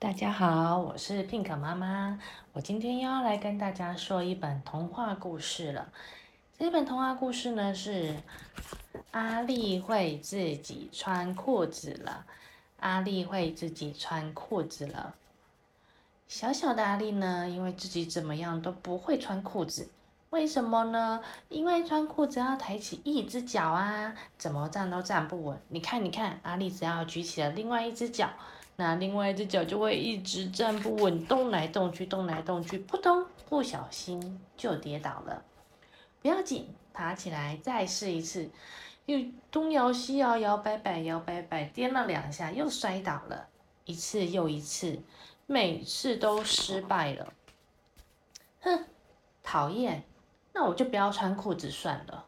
大家好，我是 Pink 媽媽。我今天要來跟大家說一本童話故事了。這本童話故事呢，是阿立會自己穿褲子了。阿立會自己穿褲子了。小小的阿立呢，因為自己怎麼樣都不會穿褲子，為什麼呢？因為穿褲子要抬起一隻腳啊，怎麼站都站不穩。你看，你看，阿立只要舉起了另外一隻腳。那另外一隻腳就會一直站不穩，動來動去，動來動去，撲通，不小心就跌倒了。不要緊，爬起來再試一次，又東搖西搖，搖擺擺，搖擺擺，顛了兩下又摔倒了。一次又一次，每次都失敗了。哼，討厭，那我就不要穿褲子算了。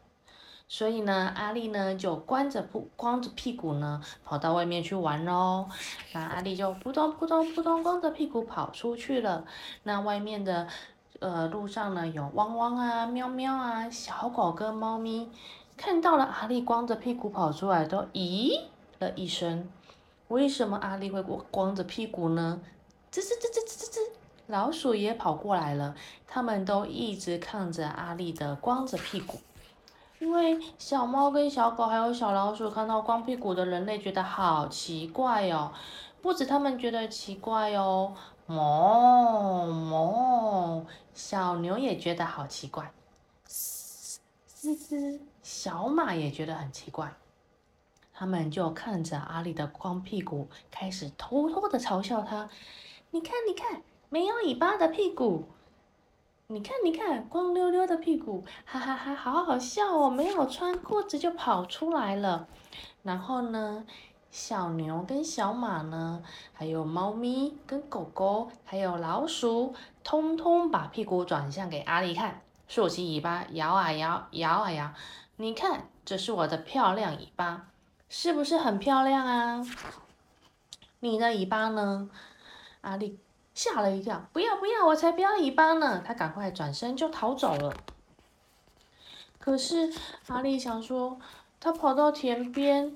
所以呢，阿立呢就光着不光着屁股呢跑到外面去玩咯，那阿立就撲通撲通撲通光着屁股跑出去了。那外面的呃、路上呢有汪汪啊、喵喵啊，小狗跟貓咪看到了阿立光着屁股跑出來都咦了一聲。為什麼阿立會光着屁股呢？吱吱吱吱吱吱，老鼠也跑過來了，他們都一直看着阿立的光着屁股。因為小貓跟小狗還有小老鼠看到光屁股的人類，覺得好奇怪哦。不止他們覺得奇怪哦，哞哞，小牛也覺得好奇怪，嘶嘶，小馬也覺得很奇怪。他們就看着阿立的光屁股，開始偷偷的嘲笑他。你看，你看，沒有尾巴的屁股。你看，你看，光溜溜的屁股，哈、哈哈哈，好好笑哦！沒有穿褲子就跑出來了。然後呢，小牛跟小馬呢，還有貓咪跟狗狗，還有老鼠，通通把屁股轉向給阿立看，豎起尾巴搖啊搖，搖啊、搖啊搖。你看，這是我的漂亮尾巴，是不是很漂亮啊？你的尾巴呢，阿立？嚇了一跳！不要不要，我才不要尾巴呢！他趕快轉身就逃走了。可是阿立想說，他跑到田邊，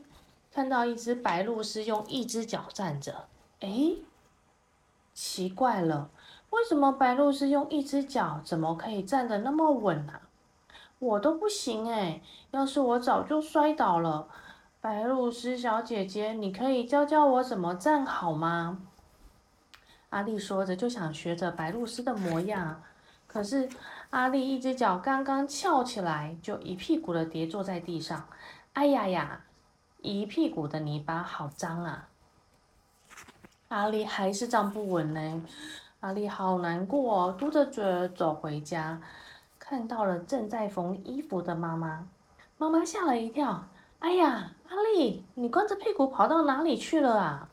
看到一只白鷺鷥用一只腳站着。哎，奇怪了，為什麼白鷺鷥用一只腳，怎麼可以站得那麼穩呢、啊？我都不行哎、欸！要是我早就摔倒了。白鷺鷥小姐姐，你可以教教我怎麼站好嗎？阿立說着就想學着白露絲的模樣，可是阿立一只腳剛剛翹起來，就一屁股的跌坐在地上。哎呀呀，一屁股的泥巴，好髒啊！阿立還是站不穩呢，阿立好難過，哦，嘟着嘴兒走回家，看到了正在縫衣服的媽媽，媽媽嚇了一跳。哎呀，阿立，你光着屁股跑到哪裡去了啊？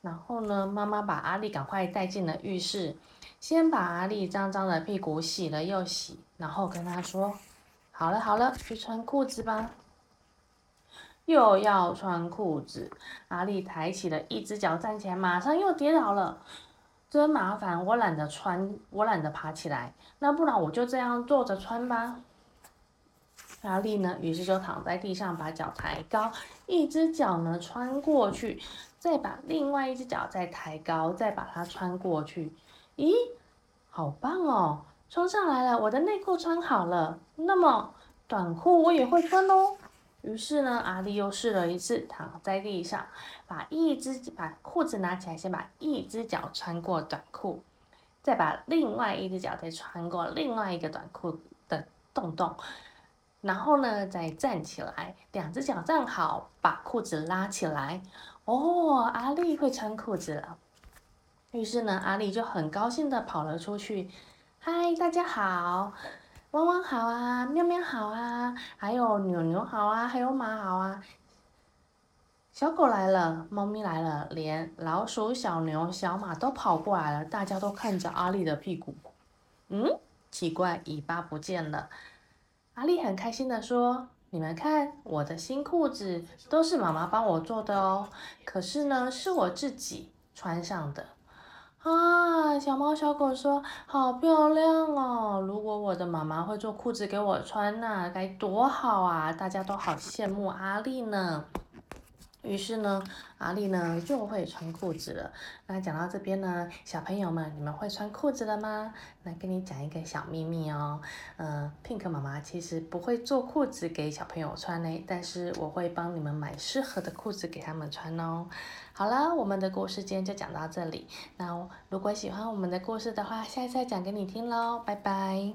然後呢，媽媽把阿立趕快帶進了浴室，先把阿立髒髒的屁股洗了又洗，然後跟他說：“好了好了，去穿褲子吧。”又要穿褲子，阿立抬起了一只腳站起來，馬上又跌倒了，真麻煩！我懶得穿，我懶得爬起來，那不然我就這樣坐着穿吧。阿立呢，於是就躺在地上，把腳抬高，一只腳呢穿過去。再把另外一隻腳再抬高，再把它穿過去。咦，好棒哦！穿上來了，我的內褲穿好了。那麼短褲我也會穿哦。於是呢，阿立又試了一次，躺在地上，把一只把褲子拿起來，先把一隻腳穿過短褲，再把另外一隻腳再穿過另外一個短褲的洞洞，然後呢，再站起來，兩隻腳站好，把褲子拉起來。哦，oh, 阿立會穿褲子了。於是呢，阿立就很高興的跑了出去。嗨，大家好，汪汪好啊，喵喵好啊，還有牛牛好啊，還有馬好啊。小狗來了，貓咪來了，連老鼠、小牛、小馬都跑過來了。大家都看着阿立的屁股。嗯，奇怪，尾巴不見了。阿立很開心的說。你們看，我的新褲子都是媽媽幫我做的哦，可是呢，是我自己穿上的。啊，小貓、小狗說：“好漂亮哦！如果我的媽媽會做褲子給我穿那該多好啊！”大家都好羨慕阿立呢。於是呢，阿立呢就會穿褲子了。那講到這邊呢，小朋友們，你們會穿褲子了嗎？那跟你講一個小秘密哦，嗯、呃、Pink 媽媽其實不會做褲子給小朋友穿嘞，但是我會幫你們買適合的褲子給他們穿哦。好了，我們的故事今天就講到這裡。那如果喜歡我們的故事的話，下一次再講給你聽嘍，拜拜。